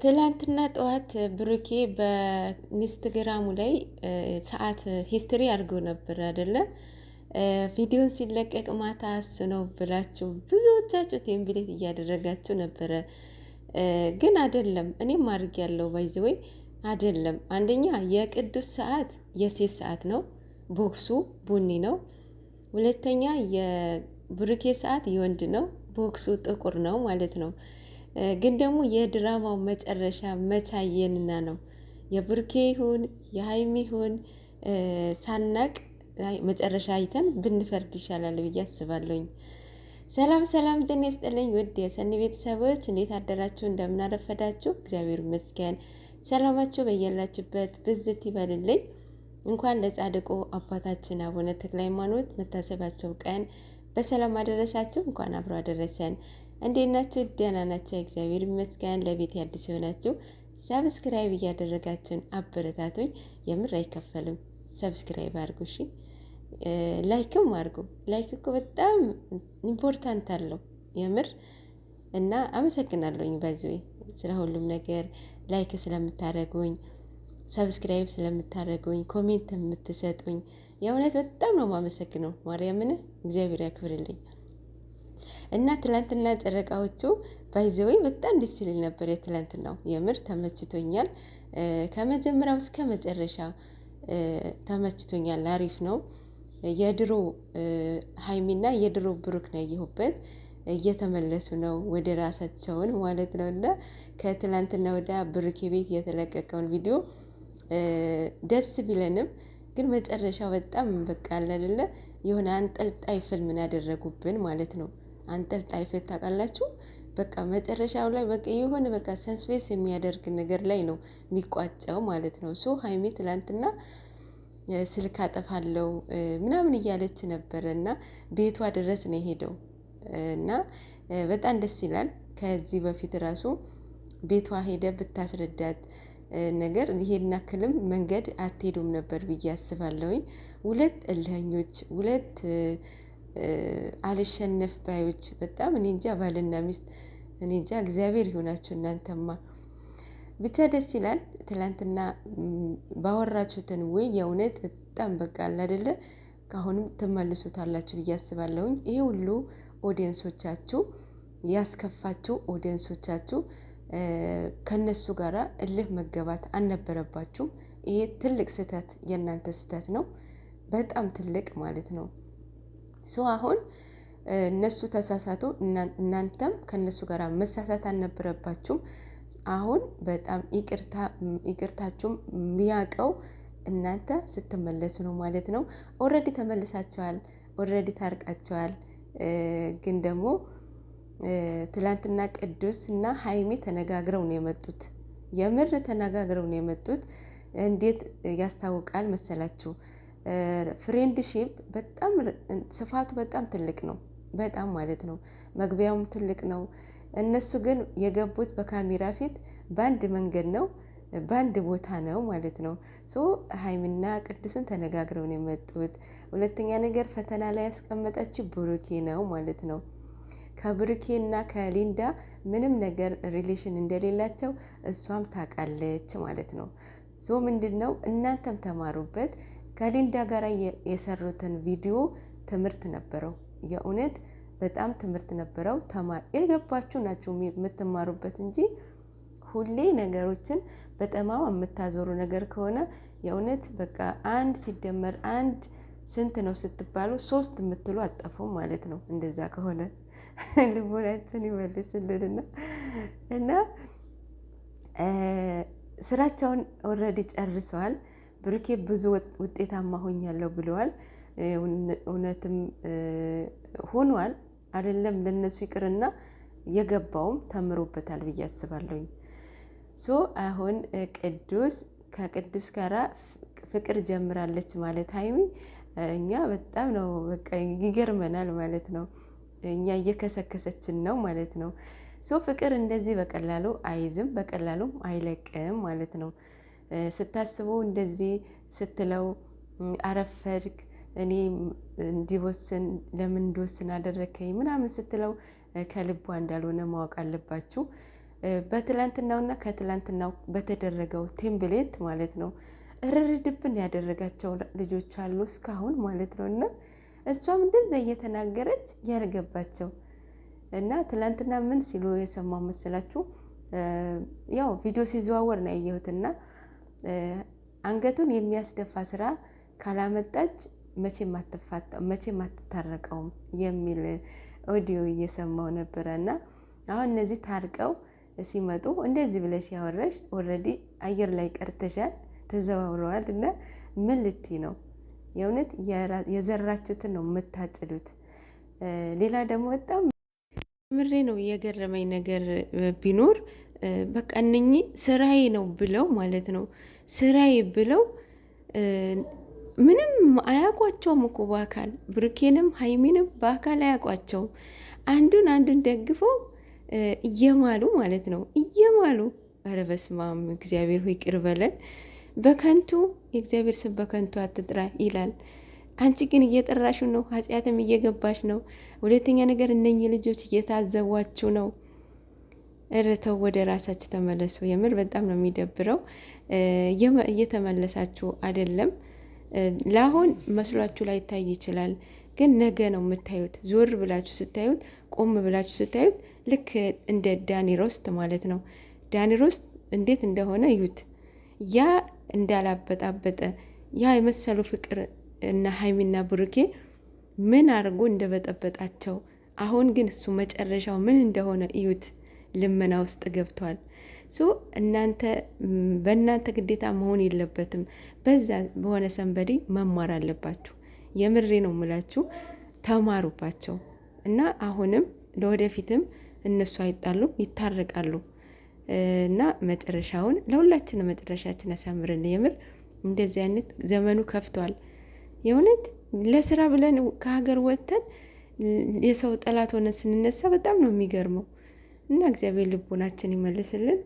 ትላንትና ጠዋት ብሩኬ በኢንስትግራሙ ላይ ሰዓት ሂስትሪ አድርገው ነበር አይደለም። ቪዲዮን ሲለቀቅ ማታ ነው ብላችሁ ብዙዎቻችሁ ቴምብሌት እያደረጋችሁ ነበረ። ግን አይደለም፣ እኔም አድርግ ያለው ባይዘ ወይ አይደለም። አንደኛ የቅዱስ ሰዓት የሴት ሰዓት ነው፣ ቦክሱ ቡኒ ነው። ሁለተኛ የብሩኬ ሰዓት የወንድ ነው፣ ቦክሱ ጥቁር ነው ማለት ነው። ግን ደግሞ የድራማው መጨረሻ መቻየንና ነው የብርኬ ይሁን የሀይሚ ይሁን ሳናቅ መጨረሻ አይተን ብንፈርድ ይሻላል ብዬ አስባለሁኝ። ሰላም ሰላም፣ ጤና ይስጥልኝ ውድ የሰኒ ቤተሰቦች እንዴት አደራችሁ? እንደምናረፈዳችሁ እግዚአብሔር ይመስገን። ሰላማችሁ በያላችሁበት ብዝት ይበልልኝ። እንኳን ለጻድቁ አባታችን አቡነ ተክለ ሃይማኖት መታሰባቸው ቀን በሰላም አደረሳችሁ። እንኳን አብሮ አደረሰን። እንዴት ናችሁ? ደህና ናቸው። እግዚአብሔር ይመስገን። ለቤት አዲስ የሆናችሁ ሰብስክራይብ እያደረጋችሁን አበረታቶኝ የምር አይከፈልም። ሰብስክራይብ አድርጉ እሺ፣ ላይክም አድርጉ። ላይክ እኮ በጣም ኢምፖርታንት አለው የምር እና አመሰግናለሁኝ በዚህ ስለ ሁሉም ነገር ላይክ ስለምታደርጉኝ ሰብስክራይብ ስለምታደርጉኝ ኮሜንት የምትሰጡኝ የእውነት በጣም ነው የማመሰግነው። ማርያምን እግዚአብሔር ያክብርልኝ። እና ትላንትና ጨረቃዎቹ ባይዘወይ በጣም ደስ ይል ነበር። የትላንት ነው የምር ተመችቶኛል። ከመጀመሪያው እስከ መጨረሻ ተመችቶኛል። አሪፍ ነው። የድሮ ሀይሚና የድሮ ብሩክ ነው ያየሁበት እየተመለሱ ነው ወደ ራሳቸውን ማለት ነው። እና ከትላንትና ወደ ብሩክ ቤት የተለቀቀውን ቪዲዮ ደስ ቢለንም ግን መጨረሻው በጣም በቃ አለ አይደለ የሆነ አንጠልጣይ ፊልምን ያደረጉብን ማለት ነው። አንጠልጣይ ፌት ታውቃላችሁ። በቃ መጨረሻው ላይ በቃ የሆነ በቃ ሰስፔንስ የሚያደርግ ነገር ላይ ነው የሚቋጨው ማለት ነው። ሶ ሀይሚ ትላንትና ስልክ አጠፋለው ምናምን እያለች ነበረ እና ቤቷ ድረስ ነው የሄደው እና በጣም ደስ ይላል። ከዚህ በፊት ራሱ ቤቷ ሄደ ብታስረዳት ነገር ይሄና ክልም መንገድ አትሄዱም ነበር ብዬ አስባለሁኝ። ሁለት እልህኞች ሁለት አልሸነፍ ባዮች በጣም እኔ እንጃ ባልና ሚስት እኔ እንጃ እግዚአብሔር ይሆናችሁ እናንተማ። ብቻ ደስ ይላል። ትላንትና ባወራችሁትን ወይ የእውነት በጣም በቃ አለ አይደለ፣ ከአሁንም ትመልሱታላችሁ ብዬ አስባለሁኝ። ይሄ ሁሉ ኦዲየንሶቻችሁ ያስከፋችሁ ኦዲየንሶቻችሁ ከነሱ ጋራ እልህ መገባት አልነበረባችሁም። ይሄ ትልቅ ስህተት፣ የእናንተ ስህተት ነው፣ በጣም ትልቅ ማለት ነው። ሶ አሁን እነሱ ተሳሳቱ፣ እናንተም ከእነሱ ጋር መሳሳት አልነበረባችሁም። አሁን በጣም ይቅርታችሁም የሚያውቀው እናንተ ስትመለሱ ነው ማለት ነው። ኦልሬዲ ተመልሳቸዋል፣ ኦልሬዲ ታርቃቸዋል። ግን ደግሞ ትላንትና ቅዱስ እና ሀይሜ ተነጋግረው ነው የመጡት። የምር ተነጋግረው ነው የመጡት። እንዴት ያስታውቃል መሰላችሁ? ፍሬንድሺፕ በጣም ስፋቱ በጣም ትልቅ ነው። በጣም ማለት ነው። መግቢያውም ትልቅ ነው። እነሱ ግን የገቡት በካሜራ ፊት በአንድ መንገድ ነው፣ በአንድ ቦታ ነው ማለት ነው። ሶ ሀይሚና ቅዱስን ተነጋግረው ነው የመጡት። ሁለተኛ ነገር ፈተና ላይ ያስቀመጠችው ብሩኬ ነው ማለት ነው። ከብሩኬ እና ከሊንዳ ምንም ነገር ሪሌሽን እንደሌላቸው እሷም ታውቃለች ማለት ነው። ሶ ምንድን ነው እናንተም ተማሩበት። ከሊንዳ ጋር የሰሩትን ቪዲዮ ትምህርት ነበረው። የእውነት በጣም ትምህርት ነበረው። ተማር የገባችሁ ናቸው የምትማሩበት እንጂ ሁሌ ነገሮችን በጠማም የምታዞሩ ነገር ከሆነ የእውነት በቃ አንድ ሲደመር አንድ ስንት ነው ስትባሉ ሶስት የምትሉ አጠፉም ማለት ነው። እንደዛ ከሆነ ልቦናችን ይመልስልንና እና ስራቸውን ኦልሬዲ ጨርሰዋል። ብሩኬ ብዙ ውጤታማ ሆኛለሁ ብለዋል። እውነትም ሆኗል። አይደለም ለነሱ ይቅርና የገባውም ተምሮበታል ብዬ አስባለሁኝ። ሶ አሁን ቅዱስ ከቅዱስ ጋራ ፍቅር ጀምራለች ማለት ሀይሚ እኛ በጣም ነው በቃ ይገርመናል ማለት ነው። እኛ እየከሰከሰችን ነው ማለት ነው። ሶ ፍቅር እንደዚህ በቀላሉ አይዝም፣ በቀላሉም አይለቅም ማለት ነው። ስታስበው እንደዚህ ስትለው አረፈድክ፣ እኔ እንዲወስን ለምን እንዲወስን አደረከኝ ምናምን ስትለው ከልቧ እንዳልሆነ ማወቅ አለባችሁ። በትላንትናውና ከትላንትናው በተደረገው ቴምብሌት ማለት ነው እርርድብን ያደረጋቸው ልጆች አሉ እስካሁን ማለት ነው። እና እሷም እንደዛ እየተናገረች ያልገባቸው እና ትላንትና ምን ሲሉ የሰማው መሰላችሁ? ያው ቪዲዮ ሲዘዋወር ነው ያየሁትና አንገቱን የሚያስደፋ ስራ ካላመጣች መቼም አትታረቀውም የሚል ኦዲዮ እየሰማው ነበረ እና አሁን እነዚህ ታርቀው ሲመጡ እንደዚህ ብለሽ ያወረሽ ኦልሬዲ አየር ላይ ቀርተሻል፣ ተዘዋውረዋል እና ምን ልቲ ነው? የእውነት የዘራችሁትን ነው የምታጭዱት። ሌላ ደግሞ በጣም ምሬ ነው የገረመኝ ነገር ቢኖር በቃ እነኚህ ስራዬ ነው ብለው ማለት ነው ስራዬ ብለው ምንም አያውቋቸውም እኮ በአካል ብሩኬንም ሀይሚንም በአካል አያውቋቸውም። አንዱን አንዱን ደግፈው እየማሉ ማለት ነው እየማሉ ኧረ በስመ አብ እግዚአብሔር ሆይ ቅር በለን። በከንቱ የእግዚአብሔር ስም በከንቱ አትጥራ ይላል። አንቺ ግን እየጠራሹ ነው፣ ኃጢአትም እየገባሽ ነው። ሁለተኛ ነገር እነኚህ ልጆች እየታዘቧችሁ ነው። እርተው ወደ ራሳችሁ ተመለሱ። የምር በጣም ነው የሚደብረው። እየተመለሳችሁ አይደለም። ለአሁን መስሏችሁ ላይታይ ይችላል፣ ግን ነገ ነው የምታዩት። ዞር ብላችሁ ስታዩት፣ ቆም ብላችሁ ስታዩት ልክ እንደ ዳኒ ሮስት ማለት ነው። ዳኒ ሮስት እንዴት እንደሆነ እዩት። ያ እንዳላበጣበጠ ያ የመሰሉ ፍቅር እና ሀይሚና ብሩኬ ምን አድርጎ እንደበጠበጣቸው አሁን ግን እሱ መጨረሻው ምን እንደሆነ እዩት። ልመና ውስጥ ገብቷል። ሶ እናንተ በእናንተ ግዴታ መሆን የለበትም። በዛ በሆነ ሰንበዴ መማር አለባችሁ። የምሬ ነው የምላችሁ፣ ተማሩባቸው እና አሁንም ለወደፊትም እነሱ አይጣሉም፣ ይታረቃሉ እና መጨረሻውን ለሁላችን መጨረሻችን ያሳምርን። የምር እንደዚህ አይነት ዘመኑ ከፍቷል። የእውነት ለስራ ብለን ከሀገር ወጥተን የሰው ጠላት ሆነን ስንነሳ በጣም ነው የሚገርመው። እና እግዚአብሔር ልቦናችን ይመልስልን።